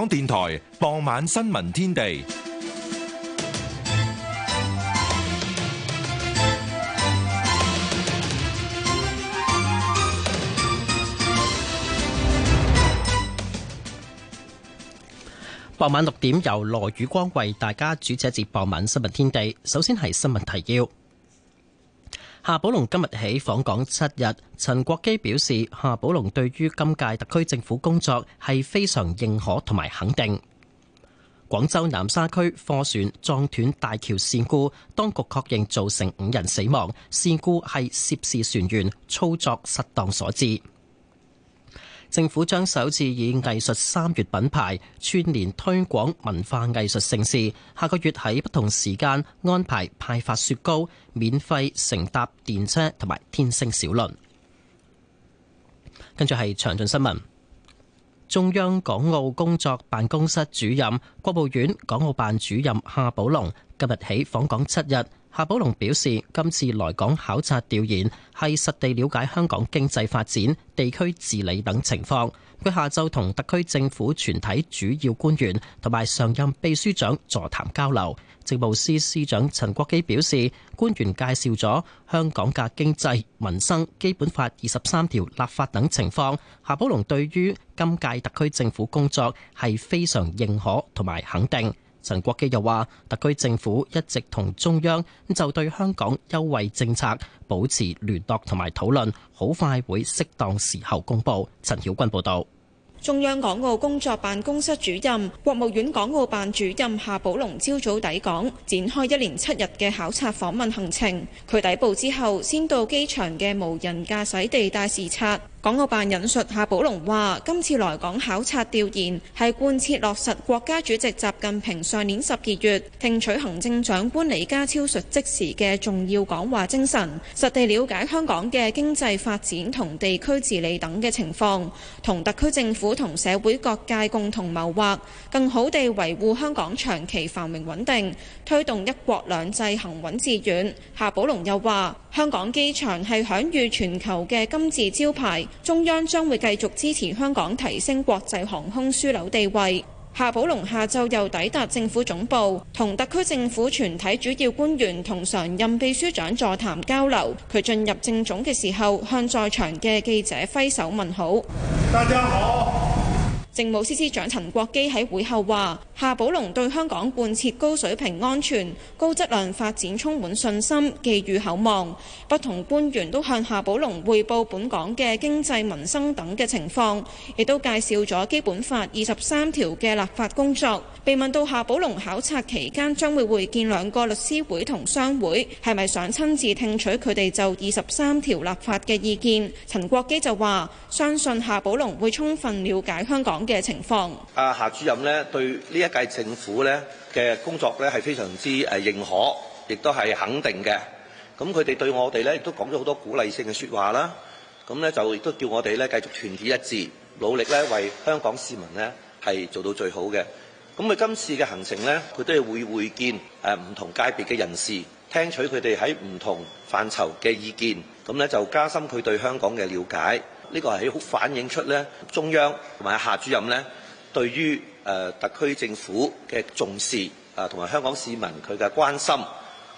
港電台傍晚新聞天地，傍晚六點由羅宇光為大家主持一節傍晚新聞天地。首先係新聞提要。夏寶龍今日起訪港七日，陳國基表示夏寶龍對於今屆特區政府工作係非常認可同埋肯定。廣州南沙區貨船撞斷大橋事故，當局確認造成五人死亡，事故係涉事船員操作失當所致。政府將首次以藝術三月品牌串連推廣文化藝術盛事，下個月喺不同時間安排派發雪糕、免費乘搭電車同埋天星小輪。跟住係詳盡新聞，中央港澳工作辦公室主任、國務院港澳辦主任夏寶龍今日起訪港七日。夏寶龍表示，今次來港考察調研係實地了解香港經濟發展、地區治理等情況，佢下晝同特區政府全體主要官員同埋上任秘書長座談交流。政務司司長陳國基表示，官員介紹咗香港嘅經濟民生、基本法二十三條立法等情況，夏寶龍對於今屆特區政府工作係非常認可同埋肯定。陳國基又話，特區政府一直同中央就對香港優惠政策保持聯絡同埋討論，好快會適當時候公布。陳曉君報道，中央港澳工作辦公室主任、國務院港澳辦主任夏寶龍朝早抵港，展開一連七日嘅考察訪問行程。佢抵埗之後，先到機場嘅無人駕駛地帶視察。港澳辦引述夏寶龍話，今次來港考察調研，係貫徹落實國家主席習近平上年十二月聽取行政長官李家超述職時嘅重要講話精神，實地了解香港嘅經濟發展同地區治理等嘅情況，同特區政府同社會各界共同謀劃，更好地維護香港長期繁榮穩定，推動一國兩制行穩致遠。夏寶龍又話，香港機場係享譽全球嘅金字招牌。中央將會繼續支持香港提升國際航空樞紐地位。夏寶龍下晝又抵達政府總部，同特區政府全體主要官員同常任秘書長座談交流。佢進入政總嘅時候，向在場嘅記者揮手問好。大家好。政務司司長陳國基喺會後話：夏寶龍對香港貫徹高水平安全、高質量發展充滿信心，寄予厚望。不同官員都向夏寶龍匯報本港嘅經濟、民生等嘅情況，亦都介紹咗《基本法》二十三條嘅立法工作。被問到夏寶龍考察期間將會會見兩個律師會同商會，係咪想親自聽取佢哋就二十三條立法嘅意見，陳國基就話：相信夏寶龍會充分了解香港嘅情況，阿夏主任咧對呢一屆政府咧嘅工作咧係非常之誒認可，亦都係肯定嘅。咁佢哋對我哋咧亦都講咗好多鼓勵性嘅説話啦。咁咧就亦都叫我哋咧繼續團結一致，努力咧為香港市民咧係做到最好嘅。咁佢今次嘅行程咧，佢都係會會見誒唔同界別嘅人士，聽取佢哋喺唔同範疇嘅意見，咁咧就加深佢對香港嘅了解。呢個係好反映出咧中央同埋夏主任咧對於誒特區政府嘅重視啊，同埋香港市民佢嘅關心，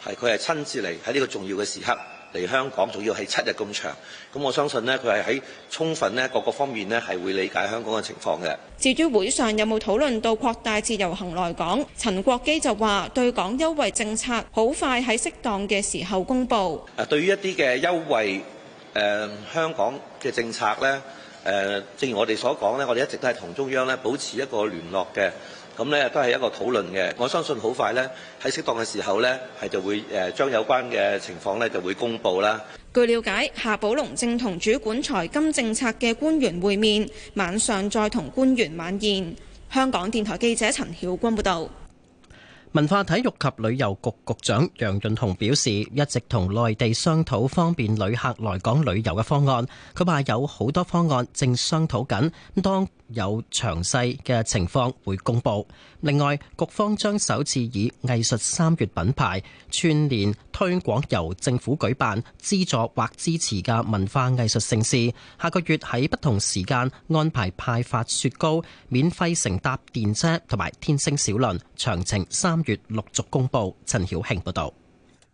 係佢係親自嚟喺呢個重要嘅時刻嚟香港，仲要係七日咁長。咁我相信呢，佢係喺充分呢各個方面呢係會理解香港嘅情況嘅。至於會上有冇討論到擴大自由行來港，陳國基就話對港優惠政策好快喺適當嘅時候公布。誒，對於一啲嘅優惠。誒、呃、香港嘅政策呢，誒、呃、正如我哋所講呢，我哋一直都係同中央呢保持一個聯絡嘅，咁呢都係一個討論嘅。我相信好快呢，喺適當嘅時候呢，係就會誒將、呃、有關嘅情況呢就會公布啦。據了解，夏寶龍正同主管財金政策嘅官員會面，晚上再同官員晚宴。香港電台記者陳曉君報道。文化體育及旅遊局局長楊潤雄表示，一直同內地商討方便旅客來港旅遊嘅方案。佢話有好多方案正商討緊，咁有詳細嘅情況會公布。另外，局方將首次以藝術三月品牌串聯推廣由政府舉辦、資助或支持嘅文化藝術盛事。下個月喺不同時間安排派發雪糕、免費乘搭電車同埋天星小輪，詳情三月陸續公布。陳曉慶報道。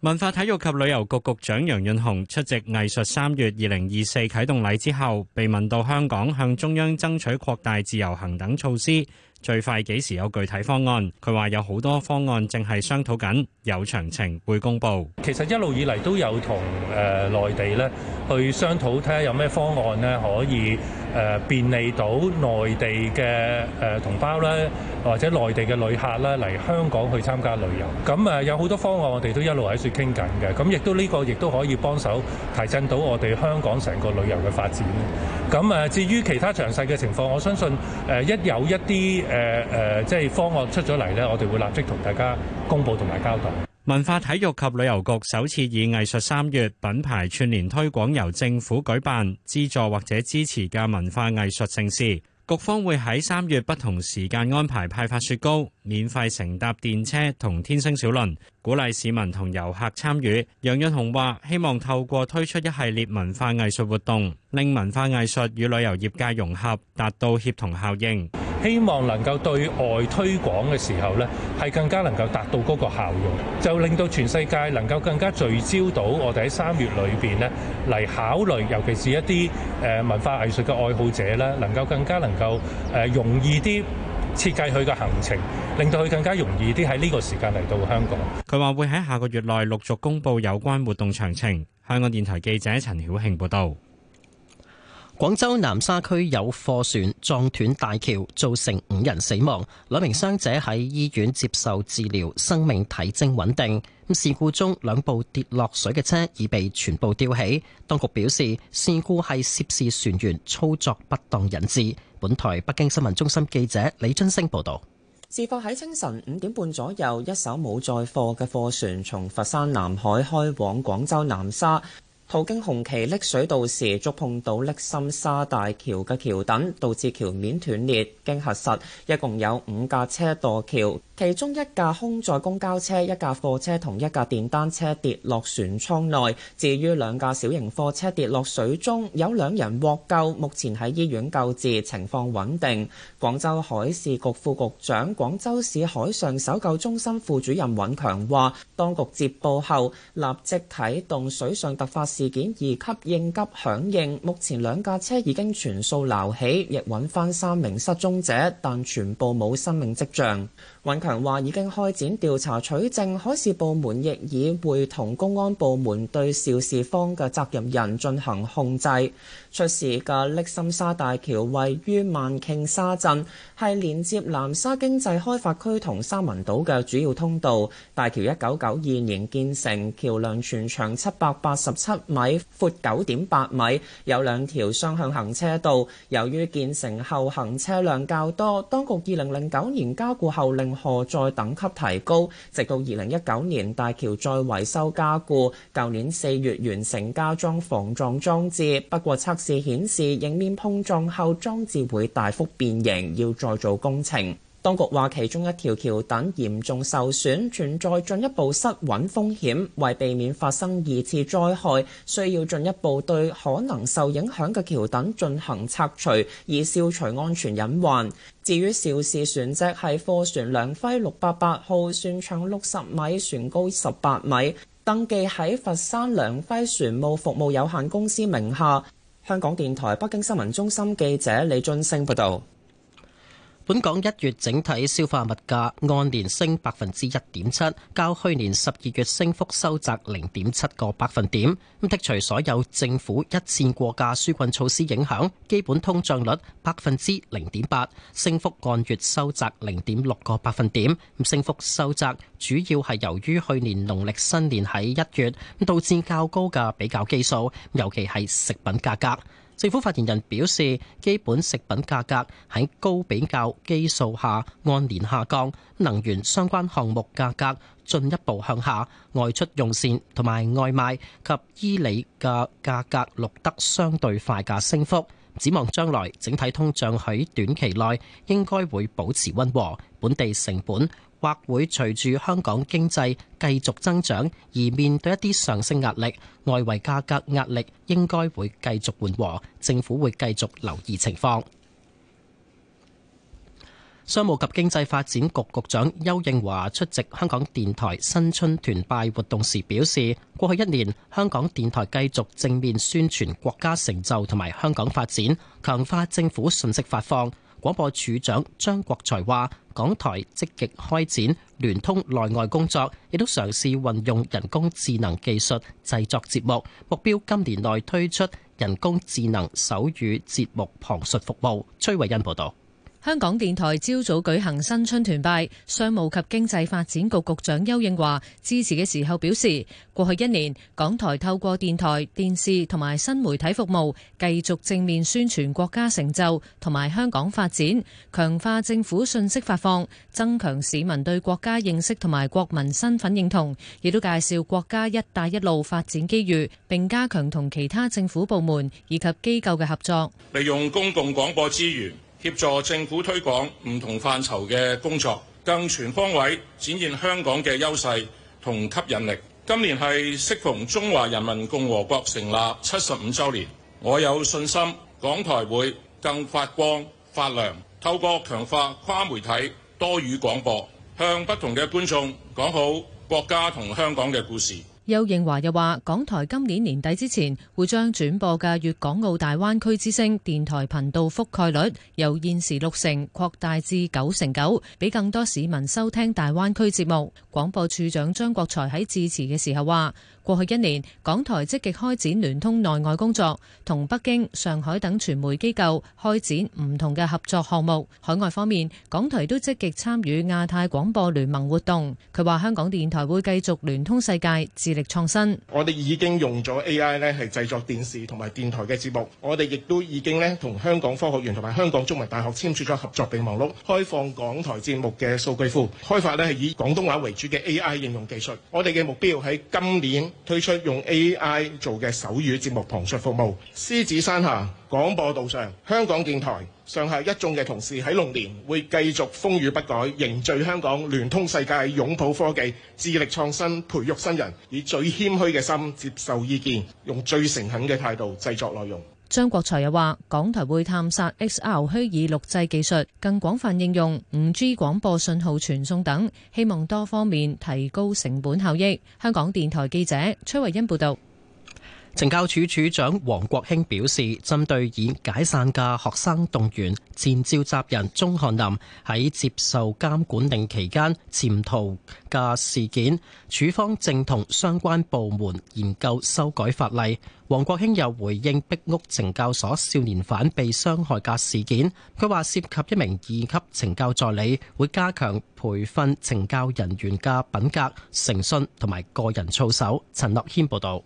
文化體育及旅遊局局長楊潤雄出席藝術三月二零二四啟動禮之後，被問到香港向中央爭取擴大自由行等措施，最快幾時有具體方案？佢話有好多方案正係商討緊，有詳情會公布。其實一路以嚟都有同誒內地呢去商討，睇下有咩方案呢可以。呃、便利到內地嘅誒、呃、同胞咧，或者內地嘅旅客咧嚟香港去參加旅遊，咁、嗯、誒、嗯、有好多方案，我哋都一路喺度傾緊嘅。咁、嗯、亦都呢、這個亦都可以幫手提振到我哋香港成個旅遊嘅發展。咁、嗯、誒、嗯、至於其他詳細嘅情況，我相信誒、嗯、一有一啲誒誒即係方案出咗嚟呢，我哋會立即同大家公布同埋交代。文化體育及旅遊局首次以藝術三月品牌串連推廣由政府舉辦、資助或者支持嘅文化藝術盛事，局方會喺三月不同時間安排派發雪糕、免費乘搭乘車電車同天星小輪，鼓勵市民同遊客參與。楊潤雄話：希望透過推出一系列文化藝術活動，令文化藝術與旅遊業，業界融合，達到協同效應。希望能夠對外推廣嘅時候咧，係更加能夠達到嗰個效用，就令到全世界能夠更加聚焦到我哋喺三月裏邊咧嚟考慮，尤其是一啲誒文化藝術嘅愛好者咧，能夠更加能夠誒容易啲設計佢嘅行程，令到佢更加容易啲喺呢個時間嚟到香港。佢話會喺下個月內陸續公布有關活動詳情。香港電台記者陳曉慶報道。廣州南沙區有貨船撞斷大橋，造成五人死亡，兩名傷者喺醫院接受治療，生命體徵穩定。咁事故中兩部跌落水嘅車已被全部吊起。當局表示，事故係涉事船員操作不當引致。本台北京新聞中心記者李津星報道。事發喺清晨五點半左右，一艘冇載貨嘅貨船從佛山南海開往廣州南沙。途經紅旗瀝水道時，觸碰到瀝心沙大橋嘅橋墩，導致橋面斷裂。經核實，一共有五架車墜橋。其中一架空載公交車、一架貨車同一架電單車跌落船艙內，至於兩架小型貨車跌落水中，有兩人獲救，目前喺醫院救治，情況穩定。廣州海事局副局長、廣州市海上搜救中心副主任尹強話，當局接報後立即啟動水上突發事件二級應急響應，目前兩架車已經全數撈起，亦揾翻三名失蹤者，但全部冇生命跡象。尹強話已經開展調查取證，海事部門亦已會同公安部門對肇事方嘅責任人進行控制。出事嘅瀝心沙大橋位於萬頃沙鎮，係連接南沙經濟開發區同三文島嘅主要通道。大橋一九九二年建成，橋梁全長七百八十七米，闊九點八米，有兩條雙向行車道。由於建成後行車量較多，當局二零零九年加固後令荷載等級提高，直到二零一九年大橋再維修加固。舊年四月完成加裝防撞裝置，不過測試顯示迎面碰撞後裝置會大幅變形，要再做工程。當局話，其中一條橋墩嚴重受損，存在進一步失穩風險，為避免發生二次災害，需要進一步對可能受影響嘅橋墩進行拆除，以消除安全隱患。至於肇事船隻係貨船梁輝六八八號，船長六十米，船高十八米，登記喺佛山梁輝船務服務有限公司名下。香港電台北京新聞中心記者李津升報道。本港一月整體消化物價按年升百分之一點七，較去年十二月升幅收窄零點七個百分點。咁剔除所有政府一次過嘅紓困措施影響，基本通脹率百分之零點八，升幅按月收窄零點六個百分點。咁升幅收窄主要係由於去年農曆新年喺一月，咁導致較高嘅比較基數，尤其係食品價格。政府發言人表示，基本食品價格喺高比較基數下按年下降，能源相關項目價格進一步向下，外出用膳同埋外賣及衣履嘅價格錄得相對快嘅升幅。展望將來，整體通脹喺短期內應該會保持溫和，本地成本，或會隨住香港經濟繼續增長而面對一啲上升壓力，外圍價格壓力應該會繼續緩和，政府會繼續留意情況。商務及經濟發展局局長丘應樺出席香港電台新春團拜活動時表示，過去一年香港電台繼續正面宣傳國家成就同埋香港發展，強化政府信息發放。廣播處長張國才話，港台積極開展聯通內外工作，亦都嘗試運用人工智能技術製作節目，目標今年內推出人工智能手語節目旁述服務。崔慧欣報道。香港電台朝早舉行新春團拜，商務及經濟發展局局長邱應華致辭嘅時候表示，過去一年，港台透過電台、電視同埋新媒體服務，繼續正面宣傳國家成就同埋香港發展，強化政府信息發放，增強市民對國家認識同埋國民身份認同，亦都介紹國家“一帶一路”發展機遇，並加強同其他政府部門以及機構嘅合作，利用公共廣播資源。協助政府推廣唔同範疇嘅工作，更全方位展現香港嘅優勢同吸引力。今年係適逢中華人民共和國成立七十五週年，我有信心，港台會更發光發亮。透過強化跨媒體多語廣播，向不同嘅觀眾講好國家同香港嘅故事。邱應華又話，港台今年年底之前會將轉播嘅粵港澳大灣區之聲電台頻道覆蓋率由現時六成擴大至九成九，俾更多市民收聽大灣區節目。廣播處長張國財喺致辭嘅時候話。過去一年，港台積極開展聯通內外工作，同北京、上海等傳媒機構開展唔同嘅合作項目。海外方面，港台都積極參與亞太廣播聯盟活動。佢話香港電台會繼續聯通世界，致力創新。我哋已經用咗 AI 咧係製作電視同埋電台嘅節目。我哋亦都已經咧同香港科學院同埋香港中文大學簽署咗合作備忘錄，開放港台節目嘅數據庫，開發咧係以廣東話為主嘅 AI 應用技術。我哋嘅目標喺今年。推出用 AI 做嘅手語節目旁述服務，獅子山下廣播道上香港電台上下一眾嘅同事喺龍年會繼續風雨不改，凝聚香港，聯通世界，擁抱科技，致力創新，培育新人，以最謙虛嘅心接受意見，用最誠懇嘅態度製作內容。張國才又話：港台會探索 XR 虛擬錄製技術，更廣泛應用 5G 廣播信號傳送等，希望多方面提高成本效益。香港電台記者崔慧欣報導。懲教署署長黃國興表示，針對已解散嘅學生動員、前召集人鍾翰林喺接受監管令期間潛逃嘅事件，署方正同相關部門研究修改法例。黃國興又回應壁屋懲教所少年犯被傷害嘅事件，佢話涉及一名二級懲教助理，會加強培訓懲教人員嘅品格、誠信同埋個人操守。陳樂謙報道。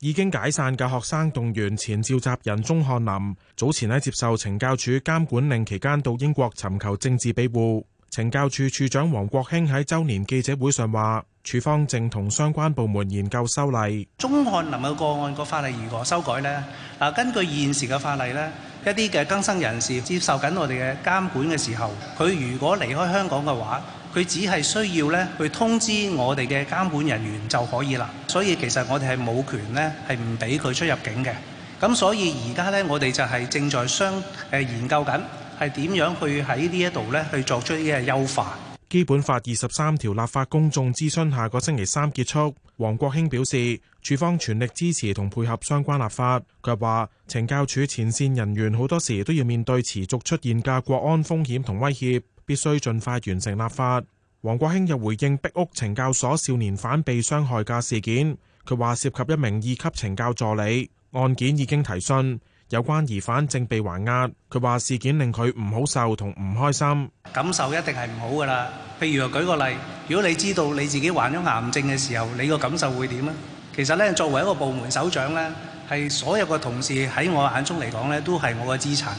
已經解散嘅學生動員前召集人鍾翰林，早前喺接受懲教署監管令期間到英國尋求政治庇護。懲教署署長黃國興喺周年記者會上話，處方正同相關部門研究修例。鍾翰林嘅個案個法例如何修改呢？嗱，根據現時嘅法例呢，一啲嘅更生人士接受緊我哋嘅監管嘅時候，佢如果離開香港嘅話，佢只係需要咧，去通知我哋嘅監管人員就可以啦。所以其實我哋係冇權咧，係唔俾佢出入境嘅。咁所以而家咧，我哋就係正在商誒、呃、研究緊，係點樣去喺呢一度咧，去作出一啲優化。基本法二十三條立法公眾諮詢下個星期三結束。黃國興表示，署方全力支持同配合相關立法。佢話，懲教署前線人員好多時都要面對持續出現嘅國安風險同威脅。必須盡快完成立法。黃國興又回應壁屋懲教所少年犯被傷害嘅事件，佢話涉及一名二級懲教助理，案件已經提訊，有關疑犯正被還押。佢話事件令佢唔好受同唔開心，感受一定係唔好㗎喇。譬如話舉個例，如果你知道你自己患咗癌症嘅時候，你個感受會點呢？其實呢，作為一個部門首長呢，係所有個同事喺我眼中嚟講呢，都係我嘅資產。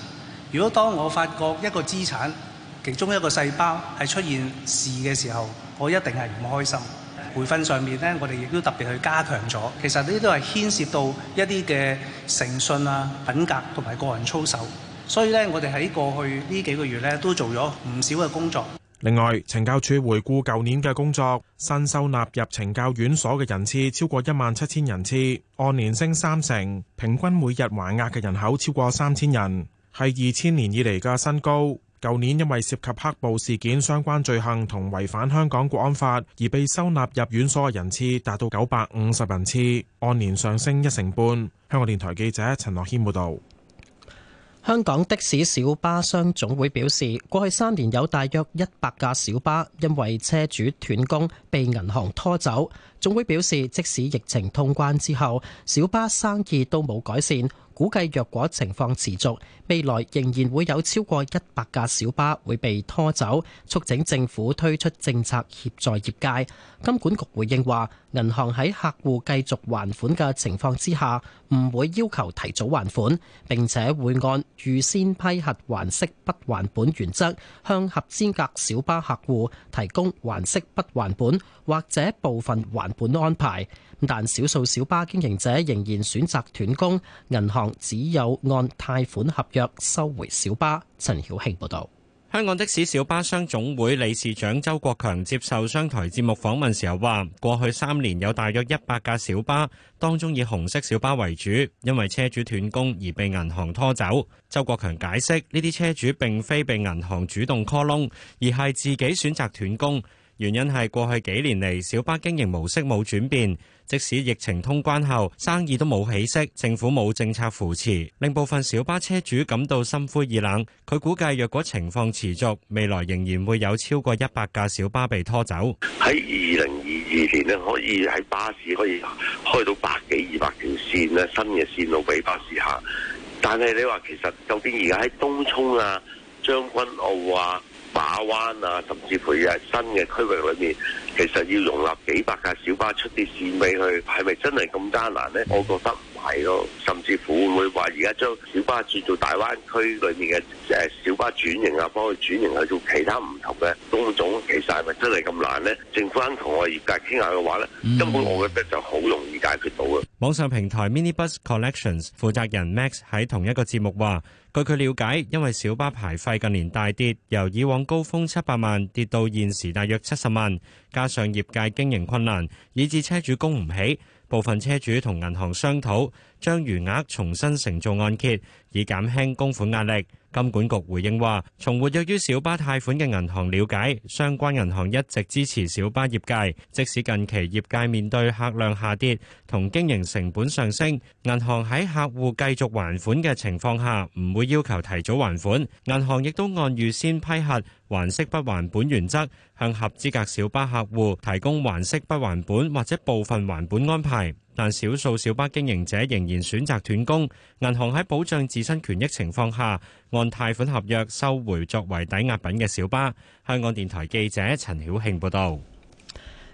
如果當我發覺一個資產，其中一個細胞係出現事嘅時候，我一定係唔開心。培訓上面呢，我哋亦都特別去加強咗。其實呢啲都係牽涉到一啲嘅誠信啊、品格同埋個人操守。所以呢，我哋喺過去呢幾個月呢，都做咗唔少嘅工作。另外，懲教處回顧舊年嘅工作，新收納入懲教院所嘅人次超過一萬七千人次，按年升三成，平均每日還押嘅人口超過三千人，係二千年以嚟嘅新高。舊年因為涉及黑暴事件相關罪行同違反香港國安法而被收納入院所嘅人次達到九百五十人次，按年上升一成半。香港電台記者陳樂謙報道。香港的士小巴商總會表示，過去三年有大約一百架小巴因為車主斷供被銀行拖走。總會表示，即使疫情通關之後，小巴生意都冇改善，估計若果情況持續，未來仍然會有超過一百架小巴會被拖走。促請政府推出政策協助業界。金管局回應話，銀行喺客戶繼續還款嘅情況之下，唔會要求提早還款，並且會按預先批核還息不還本原則，向合資格小巴客戶提供還息不還本或者部分還本安排，但少數小巴經營者仍然選擇斷供，銀行只有按貸款合約收回小巴。陳曉慶報道，香港的士小巴商總會理事長周國強接受商台節目訪問時候話，過去三年有大約一百架小巴，當中以紅色小巴為主，因為車主斷供而被銀行拖走。周國強解釋，呢啲車主並非被銀行主動 call 窿，而係自己選擇斷供。原因係過去幾年嚟，小巴經營模式冇轉變，即使疫情通關後生意都冇起色，政府冇政策扶持，令部分小巴車主感到心灰意冷。佢估計若果情況持續，未來仍然會有超過一百架小巴被拖走。喺二零二二年咧，可以喺巴士可以開到百幾二百條線咧，新嘅線路俾巴士客。但係你話其實，究竟而家喺東涌啊、將軍澳啊、馬灣啊，甚至乎喺新嘅區域裏面，其實要容納幾百架小巴出啲線尾去，係咪真係咁艱難呢？我覺得唔係咯，甚至乎會唔會話而家將小巴轉做大灣區裏面嘅誒小巴轉型啊，幫佢轉型去做其他唔同嘅工種，其實係咪真係咁難呢？政府肯同我業界傾下嘅話咧，根本我覺得就好容易解決到嘅。嗯、網上平台 Mini Bus Collections 負責人 Max 喺同一個節目話。據佢了解，因為小巴牌費近年大跌，由以往高峰七百萬跌到現時大約七十萬，加上業界經營困難，以致車主供唔起，部分車主同銀行商討將餘額重新承做按揭，以減輕供款壓力。金管局回應話，從活躍於小巴貸款嘅銀行了解，相關銀行一直支持小巴業界，即使近期業界面對客量下跌，同經營成本上升，銀行喺客戶繼續還款嘅情況下，唔會要求提早還款。銀行亦都按預先批核，還息不還本原則，向合資格小巴客戶提供還息不還本或者部分還本安排。但少數小巴經營者仍然選擇斷供，銀行喺保障自身權益情況下，按貸款合約收回作為抵押品嘅小巴。香港電台記者陳曉慶報導。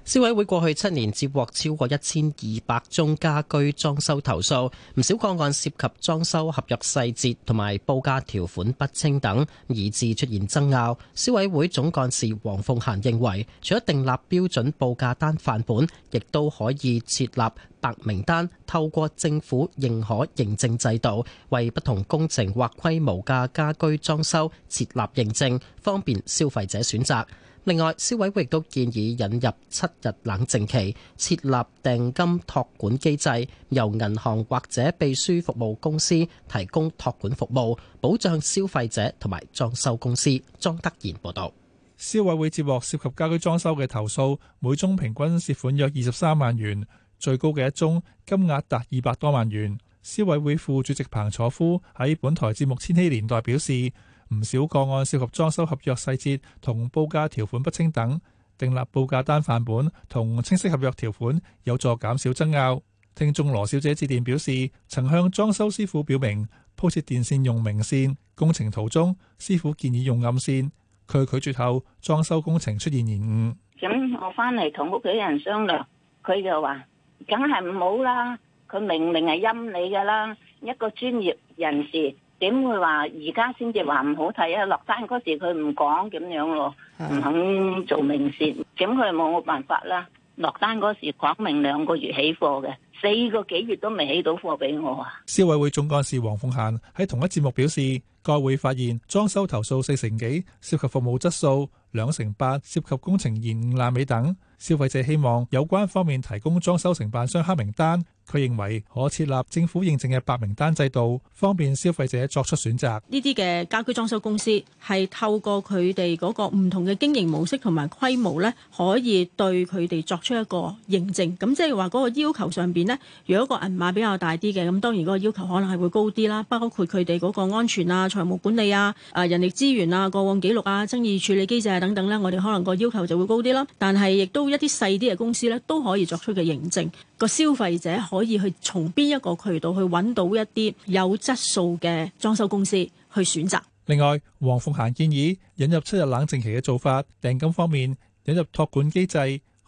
消委會過去七年接獲超過一千二百宗家居裝修投訴，唔少個案涉及裝修合約細節同埋報價條款不清等，以致出現爭拗。消委會總幹事黃鳳嫻認為，除咗訂立標準報價單範本，亦都可以設立白名單，透過政府認可認證制度，為不同工程或規模嘅家居裝修設立認證，方便消費者選擇。另外，消委會亦都建議引入七日冷靜期，設立定金託管機制，由銀行或者秘書服務公司提供託管服務，保障消費者同埋裝修公司。莊德賢報道。消委會接獲涉及家居裝修嘅投訴，每宗平均涉款約二十三萬元，最高嘅一宗金額達二百多萬元。消委會副主席彭楚夫喺本台節目《千禧年代》表示。唔少個案涉及裝修合約細節同報價條款不清等，訂立報價單範本同清晰合約條款有助減少爭拗。聽眾羅小姐致電表示，曾向裝修師傅表明鋪設電線用明線，工程途中師傅建議用暗線，佢拒絕後，裝修工程出現延誤。咁我翻嚟同屋企人商量，佢就話：梗係唔好啦，佢明明係陰你㗎啦，一個專業人士。點會話而家先至話唔好睇啊？落單嗰時佢唔講咁樣咯，唔肯做明線，咁佢冇辦法啦。落單嗰時講明兩個月起貨嘅，四個幾月都未起到貨俾我啊！消委會總幹事黃鳳嫻喺同一節目表示，該會發現裝修投訴四成幾涉及服務質素，兩成八涉及工程延誤、爛尾等，消費者希望有關方面提供裝修承辦商黑名單。佢認為可設立政府認證嘅白名單制度，方便消費者作出選擇。呢啲嘅家居裝修公司係透過佢哋嗰個唔同嘅經營模式同埋規模呢，可以對佢哋作出一個認證。咁即係話嗰個要求上邊呢，如果個銀碼比較大啲嘅，咁當然個要求可能係會高啲啦。包括佢哋嗰個安全啊、財務管理啊、啊人力資源啊、過往記錄啊、爭議處理機制啊等等呢，我哋可能個要求就會高啲啦。但係亦都一啲細啲嘅公司呢，都可以作出嘅認證。個消費者可以去從邊一個渠道去揾到一啲有質素嘅裝修公司去選擇。另外，黃鳳嫻建議引入七日冷靜期嘅做法，訂金方面引入託管機制，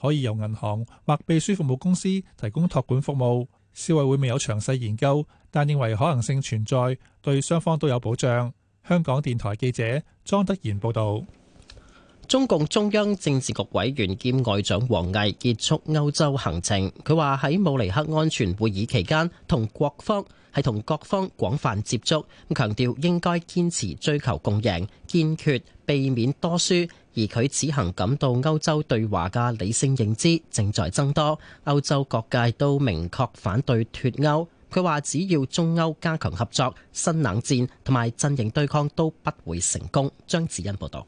可以由銀行或秘書服務公司提供託管服務。消委會未有詳細研究，但認為可能性存在，對雙方都有保障。香港電台記者莊德賢報導。中共中央政治局委員兼外長王毅結束歐洲行程。佢話喺慕尼黑安全會議期間同國方係同各方廣泛接觸，強調應該堅持追求共贏，堅決避免多輸，而佢此行感到歐洲對華嘅理性認知正在增多，歐洲各界都明確反對脫歐，佢話只要中歐加強合作，新冷戰同埋陣營對抗都不會成功。張子欣報道。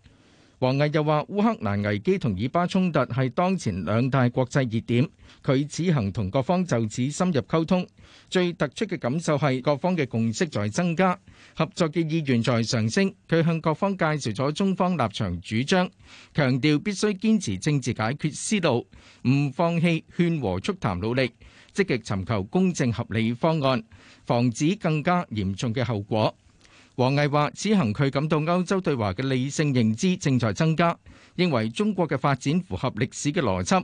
王毅又話：烏克蘭危機同以巴衝突係當前兩大國際熱點。佢此行同各方就此深入溝通，最突出嘅感受係各方嘅共識在增加，合作嘅意願在上升。佢向各方介紹咗中方立場主張，強調必須堅持政治解決思路，唔放棄勸和促談努力，積極尋求公正合理方案，防止更加嚴重嘅後果。王毅話：此行佢感到歐洲對華嘅理性認知正在增加，認為中國嘅發展符合歷史嘅邏輯，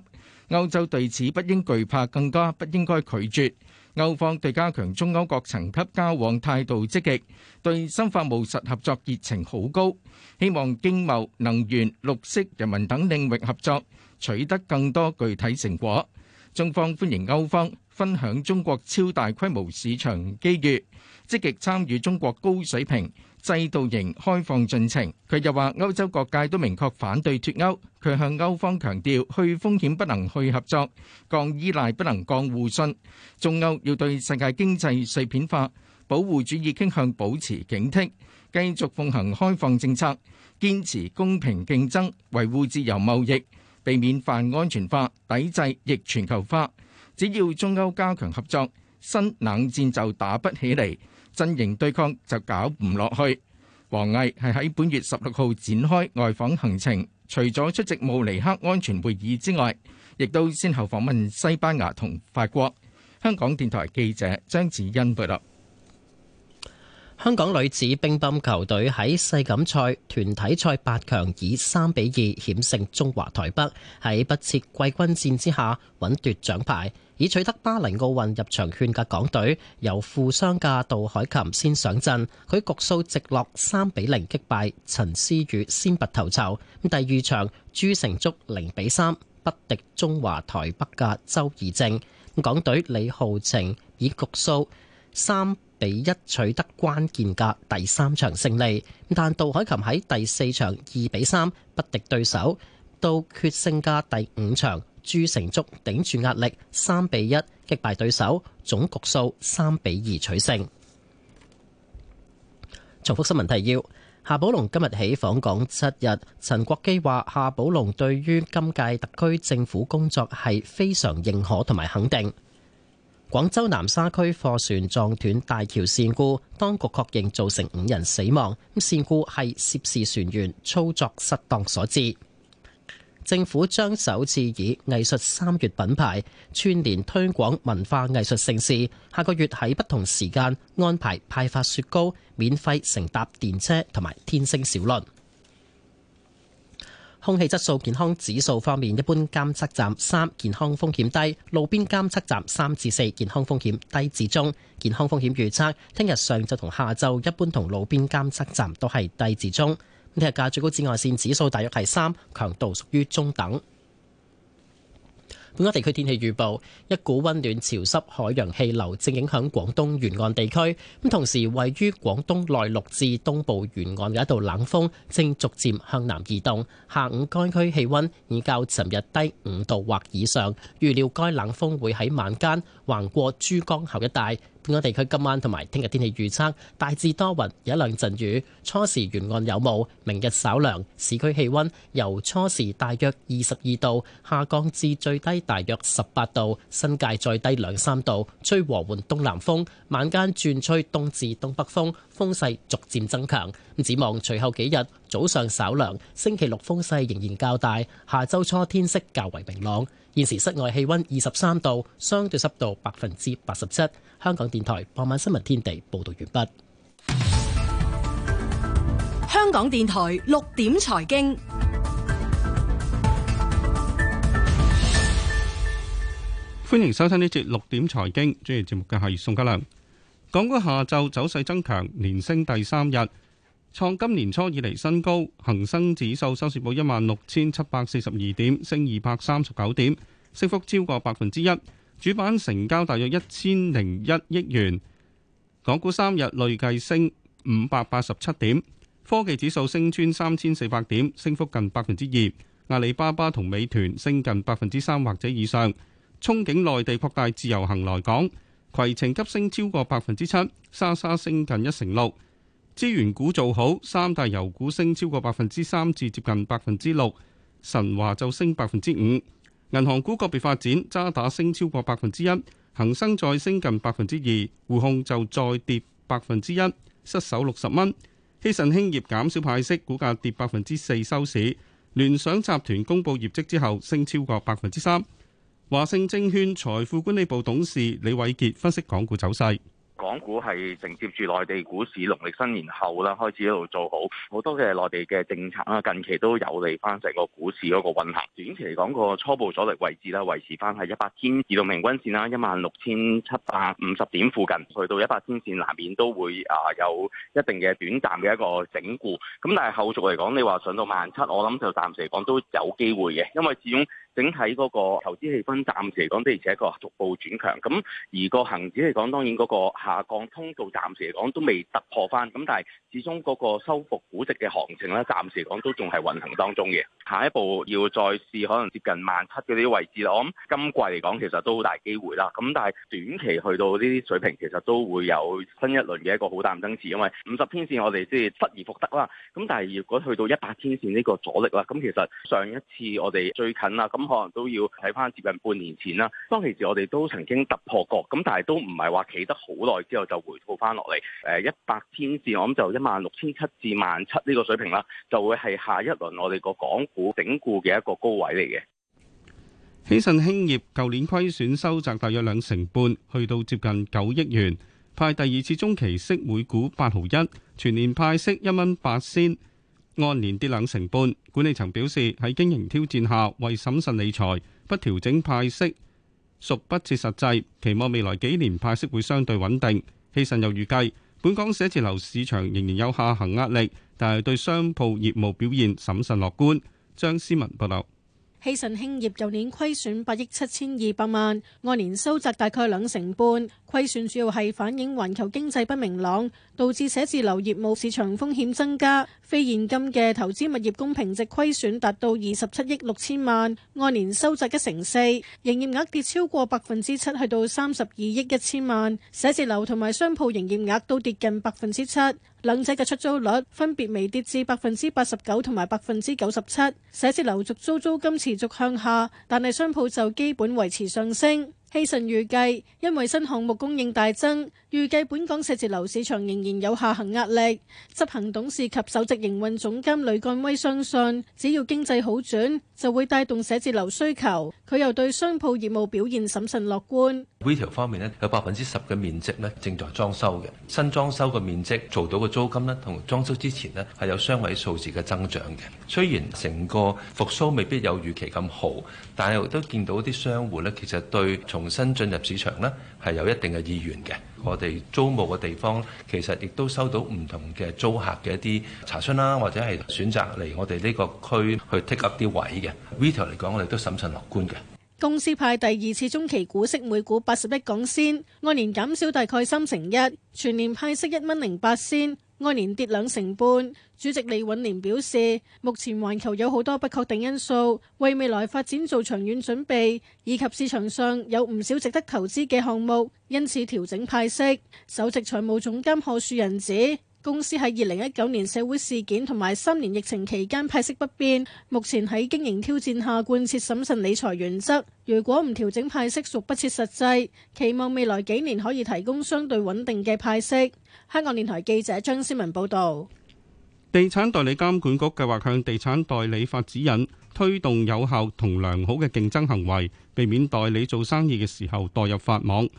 歐洲對此不應懼怕，更加不應該拒絕。歐方對加強中歐各層級交往態度積極，對深化務實合作熱情好高，希望經貿、能源、綠色、人民等領域合作取得更多具體成果。中方歡迎歐方分享中國超大規模市場機遇。積極參與中國高水平制度型開放進程。佢又話：歐洲各界都明確反對脱歐。佢向歐方強調，去風險不能去合作，降依賴不能降互信。中歐要對世界經濟碎片化、保護主義傾向保持警惕，繼續奉行開放政策，堅持公平競爭，維護自由貿易，避免泛安全化、抵制逆全球化。只要中歐加強合作，新冷戰就打不起嚟。陣營對抗就搞唔落去。王毅係喺本月十六號展開外訪行程，除咗出席慕尼黑安全會議之外，亦都先後訪問西班牙同法國。香港電台記者張子欣報道。香港女子乒乓球隊喺世錦賽團體賽八強以三比二險勝中華台北，喺不設季軍戰之下穩奪獎牌。以取得巴黎奧運入場券嘅港隊，由負傷嘅杜凱琴先上陣，佢局數直落三比零擊敗陳思宇先拔頭籌。第二場朱成竹零比三不敵中華台北嘅周怡正。港隊李浩晴以局數三比一取得關鍵嘅第三場勝利。但杜凱琴喺第四場二比三不敵對手，到決勝嘅第五場。朱成竹頂住壓力，三比一擊敗對手，總局數三比二取勝。重複新聞提要：夏寶龍今日起訪港七日。陳國基話，夏寶龍對於今屆特區政府工作係非常認可同埋肯定。廣州南沙區貨船撞斷大橋事故，當局確認造成五人死亡。咁事故係涉事船員操作失當所致。政府將首次以藝術三月品牌串連推廣文化藝術盛事，下個月喺不同時間安排派發雪糕、免費乘搭電車同埋天星小輪。空氣質素健康指數方面，一般監測站三，健康風險低；路邊監測站三至四，健康風險低至中。健康風險預測：聽日上晝同下晝，一般同路邊監測站都係低至中。聽日嘅最高紫外線指數大約係三，強度屬於中等。本港地區天氣預報，一股温暖潮濕海洋氣流正影響廣東沿岸地區，咁同時位於廣東內陸至東部沿岸嘅一道冷鋒正逐漸向南移動。下午該區氣温已較尋日低五度或以上，預料該冷鋒會喺晚間橫過珠江口一帶。本港地區今晚同埋聽日天氣預測，大致多雲有一兩陣雨，初時沿岸有霧，明日稍涼。市區氣溫由初時大約二十二度下降至最低大約十八度，新界再低兩三度。吹和緩東南風，晚間轉吹東至東北風，風勢逐漸增強。展望隨後幾日早上稍涼，星期六風勢仍然較大。下周初天色較為明朗。現時室外氣溫二十三度，相對濕度百分之八十七。香港電台傍晚新聞天地報道完畢。香港電台六點財經，歡迎收聽呢節六點財經主持節目嘅係宋家良。港股下晝走勢增強，連升第三日。創今年初以嚟新高，恒生指數收市報一萬六千七百四十二點，升二百三十九點，升幅超過百分之一。主板成交大約一千零一億元，港股三日累計升五百八十七點，科技指數升穿三千四百點，升幅近百分之二。阿里巴巴同美團升近百分之三或者以上，憧憬內地擴大自由行來港，攜程急升超過百分之七，莎莎升近一成六。資源股做好，三大油股升超過百分之三至接近百分之六，神華就升百分之五。銀行股個別發展，渣打升超過百分之一，恒生再升近百分之二，匯控就再跌百分之一，失守六十蚊。希慎興業減少派息，股價跌百分之四收市。聯想集團公布業績之後，升超過百分之三。華盛證券財富管理部董事李偉傑分析港股走勢。港股係承接住內地股市，農曆新年後啦，開始一度做好好多嘅內地嘅政策啦，近期都有利翻成個股市嗰個運行。短期嚟講，個初步阻力位置啦，維持翻係一百天移動平均線啦，一萬六千七百五十點附近，去到一百天線難免都會啊有一定嘅短暫嘅一個整固。咁但係後續嚟講，你話上到萬七，我諗就暫時嚟講都有機會嘅，因為始終。整體嗰個投資氣氛暫時嚟講的而且確逐步轉強，咁而個恒指嚟講，當然嗰個下降通道暫時嚟講都未突破返，咁但係始終嗰個修復估值嘅行情咧，暫時嚟講都仲係運行當中嘅。下一步要再試可能接近萬七嘅呢啲位置啦。我諗今季嚟講其實都好大機會啦。咁但係短期去到呢啲水平其實都會有新一輪嘅一個好大升市，因為五十天線我哋先失而復得啦。咁但係如果去到一百天線呢個阻力啦，咁其實上一次我哋最近啦咁。可能都要睇翻接近半年前啦。當其時我哋都曾經突破過，咁但係都唔係話企得好耐之後就回吐翻落嚟。誒，一百天線至我諗就一萬六千七至萬七呢個水平啦，就會係下一輪我哋個港股整固嘅一個高位嚟嘅。希慎興業舊年虧損收窄，大約兩成半，去到接近九億元。派第二次中期息每股八毫一，全年派息一蚊八仙。按年跌兩成半，管理層表示喺經營挑戰下，為審慎理財，不調整派息屬不切實際。期望未來幾年派息會相對穩定。希慎又預計，本港寫字樓市場仍然有下行壓力，但係對商鋪業務表現審慎樂觀。張思文報道。希慎興業舊年虧損八億七千二百萬，按年收窄大概兩成半。虧損主要係反映環球經濟不明朗，導致寫字樓業務市場風險增加。非現金嘅投資物業公平值虧損達到二十七億六千萬，按年收窄一成四。營業額跌超過百分之七，去到三十二億一千萬。寫字樓同埋商鋪營業額都跌近百分之七。兩者嘅出租率分別微跌至百分之八十九同埋百分之九十七，寫字樓續租租金持續向下，但係商鋪就基本維持上升。希慎預計，因為新項目供應大增。預計本港寫字樓市場仍然有下行壓力。執行董事及首席營運總監李幹威相信，只要經濟好轉，就會帶動寫字樓需求。佢又對商鋪業務表現審慎樂觀。r e 方面咧，有百分之十嘅面積咧正在裝修嘅新裝修嘅面積做到嘅租金咧，同裝修之前咧係有雙位數字嘅增長嘅。雖然成個復甦未必有預期咁好，但係都見到啲商戶咧其實對重新進入市場咧係有一定嘅意願嘅。我哋租務嘅地方，其實亦都收到唔同嘅租客嘅一啲查詢啦，或者係選擇嚟我哋呢個區去 take up 啲位嘅。Retail 嚟講，我哋都審慎樂觀嘅。公司派第二次中期股息每股八十一港仙，按年減少大概三成一，全年派息一蚊零八仙。按年跌兩成半，主席李允廉表示，目前環球有好多不確定因素，為未來發展做長遠準備，以及市場上有唔少值得投資嘅項目，因此調整派息。首席財務總監何樹仁指。公司喺二零一九年社會事件同埋三年疫情期間派息不變，目前喺經營挑戰下貫徹審慎理財原則。如果唔調整派息，屬不切實際。期望未來幾年可以提供相對穩定嘅派息。香港電台記者張思文報導。地產代理監管局計劃向地產代理發指引推動有效同良好嘅競爭行為，避免代理做生意嘅時候墮入法網。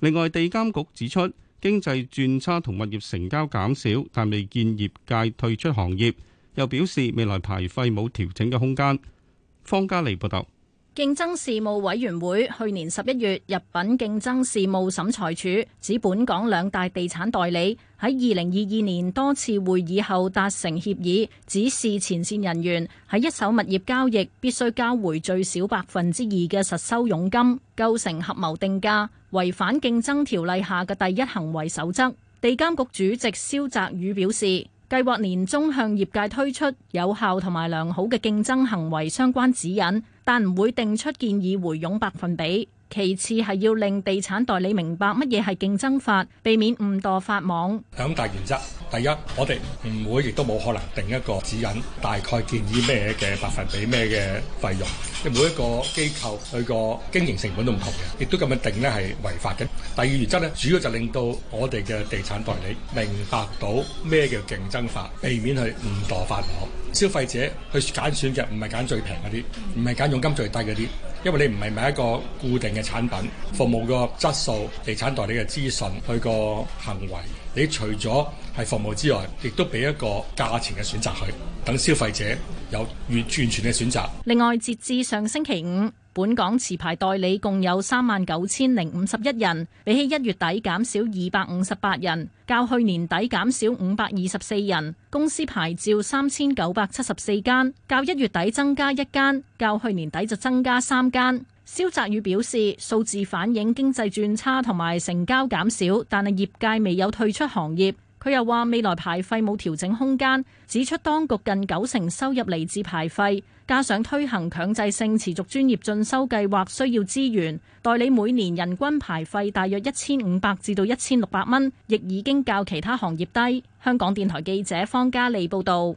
另外，地監局指出。經濟轉差同物業成交減少，但未見業界退出行業，又表示未來排費冇調整嘅空間。方嘉利報道。競爭事務委員會去年十一月入稟競爭事務審裁處指，本港兩大地產代理喺二零二二年多次會議後達成協議，指示前線人員喺一手物業交易必須交回最少百分之二嘅實收佣金，構成合謀定價，違反競爭條例下嘅第一行為守則。地監局主席蕭澤宇表示，計劃年終向業界推出有效同埋良好嘅競爭行為相關指引，但唔會定出建議回佣百分比。其次係要令地產代理明白乜嘢係競爭法，避免誤墮法網。兩大原則：第一，我哋唔會亦都冇可能定一個指引，大概建議咩嘅百分比、咩嘅費用。每一個機構佢個經營成本都唔同嘅，亦都咁樣定呢係違法嘅。第二原則呢，主要就令到我哋嘅地產代理明白到咩叫競爭法，避免去誤墮法網。消費者去揀選嘅唔係揀最平嗰啲，唔係揀佣金最低嗰啲。因為你唔係買一個固定嘅產品，服務嘅質素、地產代理嘅資訊、佢個行為，你除咗係服務之外，亦都俾一個價錢嘅選擇去，佢等消費者有完完全全嘅選擇。另外，截至上星期五。本港持牌代理共有三萬九千零五十一人，比起一月底減少二百五十八人，較去年底減少五百二十四人。公司牌照三千九百七十四間，較一月底增加一間，較去年底就增加三間。肖澤宇表示，數字反映經濟轉差同埋成交減少，但係業界未有退出行業。佢又話：未來牌費冇調整空間，指出當局近九成收入嚟自牌費，加上推行強制性持續專業進修計劃需要資源，代理每年人均牌費大約一千五百至到一千六百蚊，亦已經較其他行業低。香港電台記者方嘉利報道。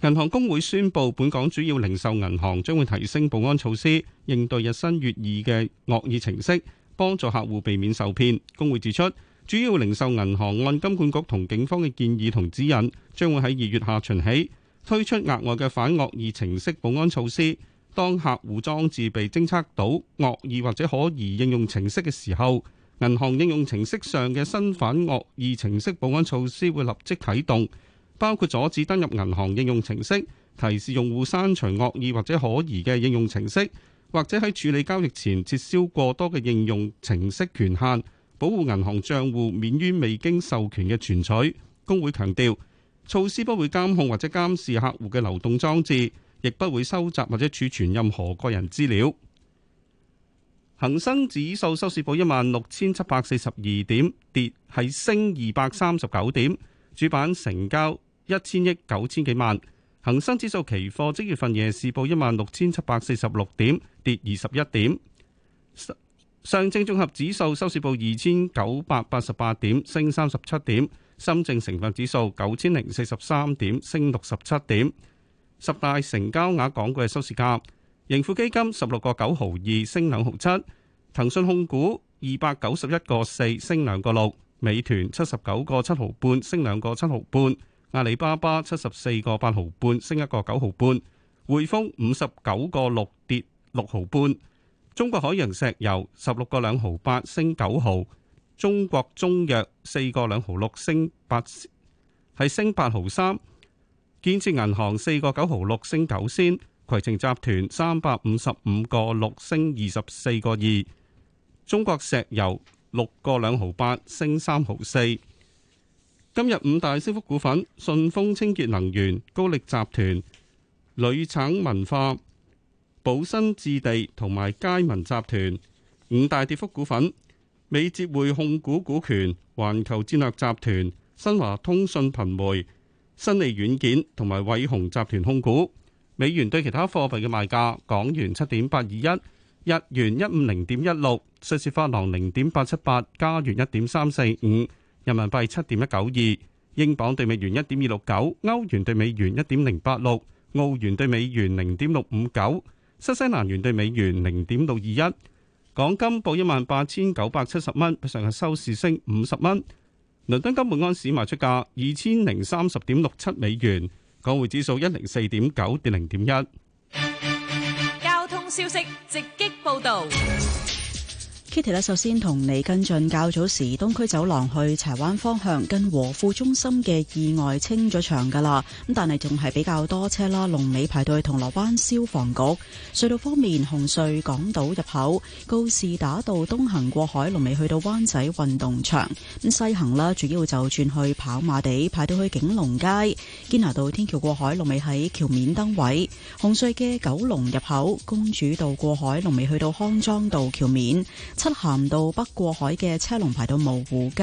銀行公會宣布，本港主要零售銀行將會提升保安措施，應對日新月異嘅惡意程式，幫助客戶避免受騙。公會指出，主要零售銀行按金管局同警方嘅建議同指引，將會喺二月下旬起推出額外嘅反惡意程式保安措施。當客戶裝置被偵測到惡意或者可疑應用程式嘅時候，銀行應用程式上嘅新反惡意程式保安措施會立即啟動，包括阻止登入銀行應用程式、提示用戶刪除惡意或者可疑嘅應用程式，或者喺處理交易前撤銷過多嘅應用程式權限。保護銀行賬戶免於未經授權嘅存取。公會強調，措施不會監控或者監視客戶嘅流動裝置，亦不會收集或者儲存任何個人資料。恆生指數收市報一萬六千七百四十二點，跌係升二百三十九點，主板成交一千億九千幾萬。恆生指數期貨即月份夜市報一萬六千七百四十六點，跌二十一點。上證綜合指數收市報二千九百八十八點，升三十七點；深證成分指數九千零四十三點，升六十七點。十大成交額港股嘅收市價：盈富基金十六個九毫二，升兩毫七；騰訊控股二百九十一個四，升兩個六；美團七十九個七毫半，升兩個七毫半；阿里巴巴七十四個八毫半，升一個九毫半；匯豐五十九個六，跌六毫半。中國海洋石油十六個兩毫八升九毫，中國中藥四個兩毫六升八，係升八毫三。建設銀行四個九毫六升九仙，攜程集團三百五十五個六升二十四個二，中國石油六個兩毫八升三毫四。今日五大升幅股份：順風清潔能源、高力集團、鋁橙文化。寶新置地同埋佳民集團。五大跌幅股份，美捷匯控股股權、環球戰略集團、新華通訊頻媒、新利軟件同埋偉鴻集團控股。美元對其他貨幣嘅賣價：港元七點八二一，日元一五零點一六，瑞士法郎零點八七八，加元一點三四五，人民幣七點一九二，英鎊對美元一點二六九，歐元對美元一點零八六，澳元對美元零點六五九。新西蘭元兌美元零點六二一，港金報一萬八千九百七十蚊，比上日收市升五十蚊。倫敦金本安市賣出價二千零三十點六七美元，港匯指數一零四點九跌零點一。交通消息直擊報道。呢條咧，首先同你跟進，較早時東區走廊去柴灣方向，近和富中心嘅意外清咗場㗎啦。咁但係仲係比較多車啦，龍尾排到去銅鑼灣消防局。隧道方面，紅隧港島入口，告士打道東行過海，龍尾去到灣仔運動場。咁西行啦，主要就轉去跑馬地，排到去景隆街。堅拿道天橋過海，龍尾喺橋面燈位。紅隧嘅九龍入口，公主道過海，龍尾去到康莊道橋面。北咸道北過海嘅車龍排到蕪湖街，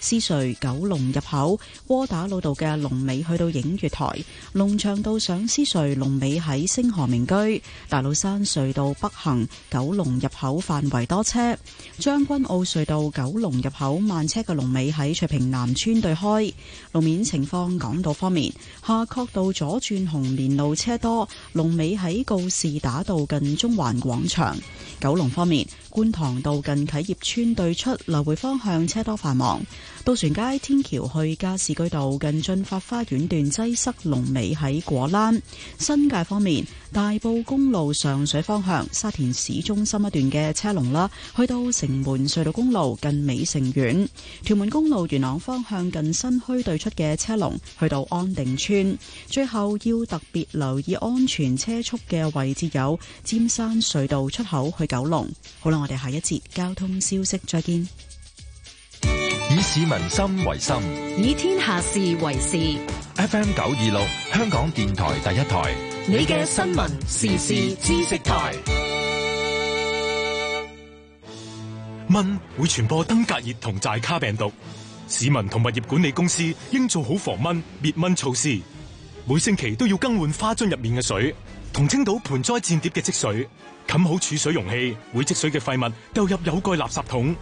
獅隧九龍入口窩打老道嘅龍尾去到映月台，龍翔道上獅隧龍尾喺星河名居，大老山隧道北行九龍入口範圍多車，將軍澳隧道九龍入口慢車嘅龍尾喺翠屏南村對開。路面情況，港島方面，夏慤道左轉紅棉路車多，龍尾喺告士打道近中環廣場。九龍方面。觀塘道近啟業村對出來回方向車多繁忙，渡船街天橋去加士居道近駿發花園段擠塞，龍尾喺果欄。新界方面。大埔公路上水方向沙田市中心一段嘅車龍啦，去到城門隧道公路近美城苑，屯門公路元朗方向近新墟對出嘅車龍，去到安定邨。最後要特別留意安全車速嘅位置有尖山隧道出口去九龍。好啦，我哋下一節交通消息再見。以市民心為心，以天下事為事。FM 九二六，香港電台第一台。你嘅新聞時事知識台，蚊會傳播登革熱同寨卡病毒，市民同物業管理公司應做好防蚊滅蚊措施。每星期都要更換花樽入面嘅水，同清倒盆栽墊碟嘅積水，冚好儲水容器，會積水嘅廢物掉入有蓋垃圾桶。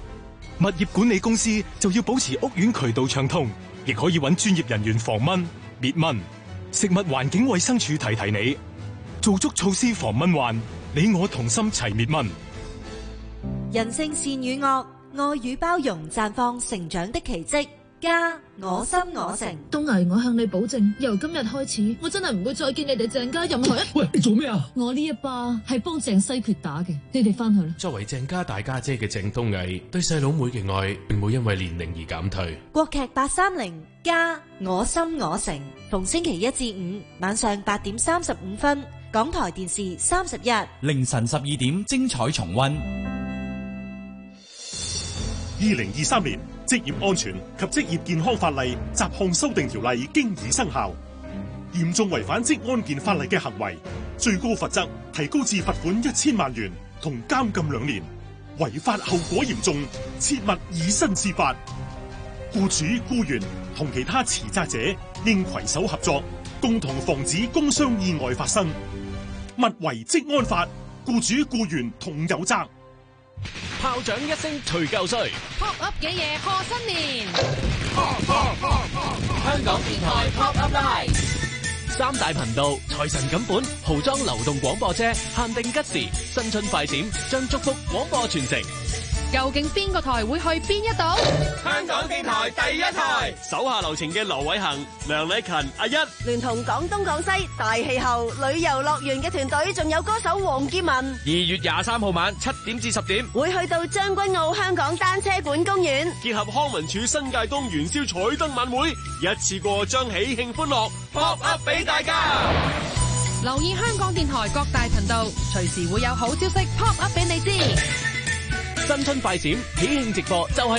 物業管理公司就要保持屋苑渠道暢通，亦可以搵專業人員防蚊滅蚊。食物環境衛生署提提你，做足措施防蚊患，你我同心齊滅蚊。人性善與惡，愛與包容，綻放成長的奇蹟。家我心我城，東毅，我向你保證，由今日開始，我真係唔會再見你哋鄭家任何一。喂，你做咩啊？我呢一巴係幫鄭西決打嘅，你哋返去啦。作為鄭家大家姐嘅鄭東毅，對細佬妹嘅愛，並冇因為年齡而減退。國劇八三零，家我心我城，逢星期一至五晚上八點三十五分，港台電視三十一，凌晨十二點精彩重温。二零二三年。職業安全及職業健康法例雜項修訂條例經已生效，嚴重違反職安健法例嘅行為，最高罰則提高至罰款一千萬元同監禁兩年。違法後果嚴重，切勿以身試法。僱主、僱員同其他持責者應攜手合作，共同防止工傷意外發生。勿違職安法，僱主僱員同有責。炮仗一聲除舊歲，pop up 嘅嘢賀新年。香港電台 pop up live，三大頻道財神錦本，豪裝流動廣播車，限定吉時新春快閃，將祝福廣播全城。究竟邊個台會去邊一度？香港電台第一台，手下留情嘅劉偉恒、梁禮勤、阿一，連同廣東、廣西大氣候、旅遊樂園嘅團隊，仲有歌手黃建文。二月廿三號晚七點至十點，會去到將軍澳香港單車館公園，結合康文署新界東元宵彩燈晚會，一次過將喜慶歡樂 pop up 俾大家。留意香港電台各大頻道，隨時會有好消息 pop up 俾你知。新春快閃喜慶直播就係、是。